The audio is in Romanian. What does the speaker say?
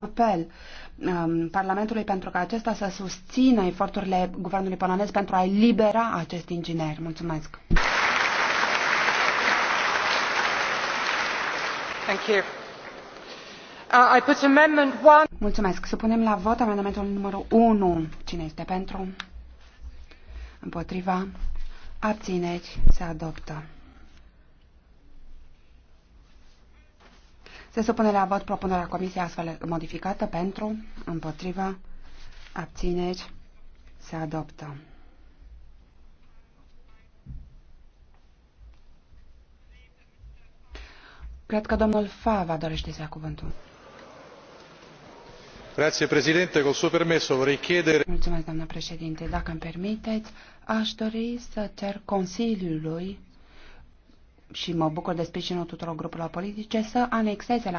apel um, Parlamentului pentru ca acesta să susțină eforturile guvernului polonez pentru a elibera acest inginer. Mulțumesc! Thank you. Uh, I put amendment one. Mulțumesc. Să punem la vot amendamentul numărul 1. Cine este pentru? Împotriva? Abțineri? Se adoptă. Se supune la vot propunerea comisiei astfel modificată pentru, împotriva, abțineri, se adoptă. Cred că domnul Fava dorește să ia cuvântul. Grazie, Presidente. cu suo permesso vorrei chiedere... Mulțumesc, doamnă președinte. Dacă îmi permiteți, aș dori să cer Consiliului și mă bucur de sprijinul tuturor grupurilor politice, să anexeze la